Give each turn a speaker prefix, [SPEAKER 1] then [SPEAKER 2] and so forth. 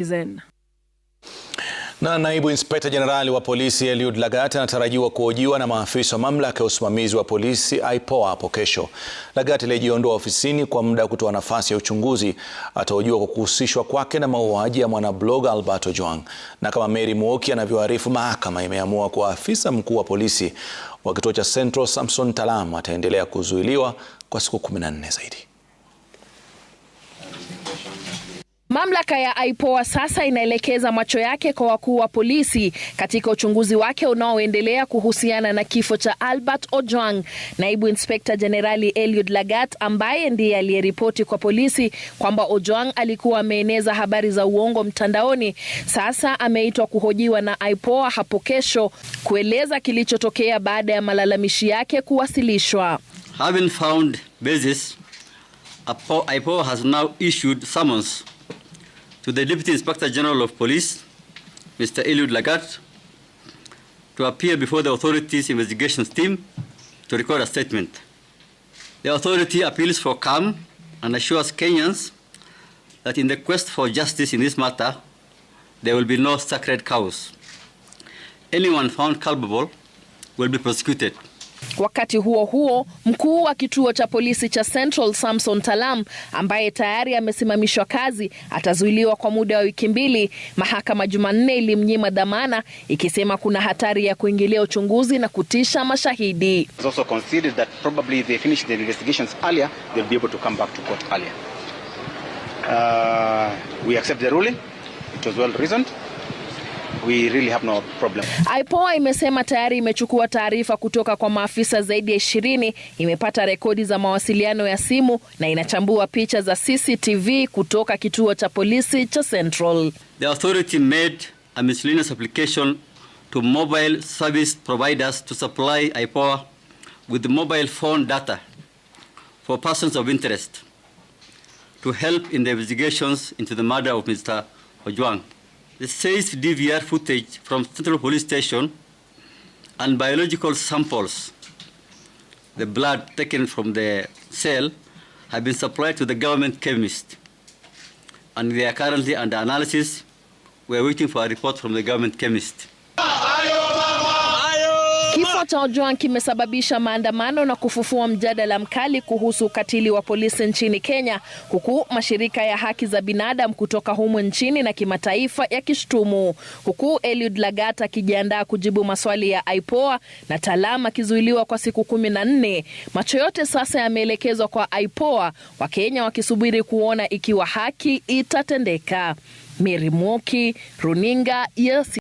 [SPEAKER 1] Citizen. Na naibu inspekta jenerali wa polisi Eliud Lagat anatarajiwa kuhojiwa na maafisa wa mamlaka ya usimamizi wa polisi IPOA hapo kesho. Lagat aliyejiondoa ofisini kwa muda wa kutoa nafasi ya uchunguzi atahojiwa kwa kuhusishwa kwake na mauaji ya mwanabloga Albert Ojwang. Na kama Mary Muoki anavyoarifu, mahakama imeamua kuwa afisa mkuu wa polisi wa kituo cha Central Samson Talam ataendelea kuzuiliwa kwa siku 14 zaidi.
[SPEAKER 2] Mamlaka ya IPOA sasa inaelekeza macho yake kwa wakuu wa polisi katika uchunguzi wake unaoendelea kuhusiana na kifo cha Albert Ojwang, naibu inspekta jenerali Eliud Lagat ambaye ndiye aliyeripoti kwa polisi kwamba Ojwang alikuwa ameeneza habari za uongo mtandaoni. Sasa ameitwa kuhojiwa na IPOA hapo kesho kueleza kilichotokea baada ya malalamishi yake kuwasilishwa.
[SPEAKER 3] Having found basis, IPOA has now issued summons to the Deputy Inspector General of Police, Mr. Eliud Lagat, to appear before the authorities' investigations team to record a statement. The authority appeals for calm and assures Kenyans that in the quest for justice in this matter, there will be no sacred cows. Anyone found culpable will be prosecuted.
[SPEAKER 2] Wakati huo huo, mkuu wa kituo cha polisi cha Central Samson Talam ambaye tayari amesimamishwa kazi atazuiliwa kwa muda wa wiki mbili. Mahakama Jumanne ilimnyima dhamana ikisema kuna hatari ya kuingilia uchunguzi na kutisha mashahidi.
[SPEAKER 4] Uh, It was well reasoned we really have no problem.
[SPEAKER 2] IPOA imesema tayari imechukua taarifa kutoka kwa maafisa zaidi ya ishirini, imepata rekodi za mawasiliano ya simu na inachambua picha za CCTV kutoka kituo cha polisi cha Central.
[SPEAKER 3] The authority made a miscellaneous application to mobile service providers to supply IPOA with mobile phone data for persons of interest to help in the investigations into the murder of Mr. Ojwang. the seized DVR footage from Central Police Station and biological samples, the blood taken from the cell, have been supplied to the government chemist. And they are currently under analysis. We are waiting for a report from the government chemist.
[SPEAKER 2] cha Ojwang kimesababisha maandamano na kufufua mjadala mkali kuhusu ukatili wa polisi nchini Kenya, huku mashirika ya haki za binadamu kutoka humu nchini na kimataifa yakishtumu, huku Eliud Lagat akijiandaa kujibu maswali ya IPOA na Talam akizuiliwa kwa siku kumi na nne. Macho yote sasa yameelekezwa kwa IPOA, Wakenya wakisubiri kuona ikiwa haki itatendeka. Mary runinga yes.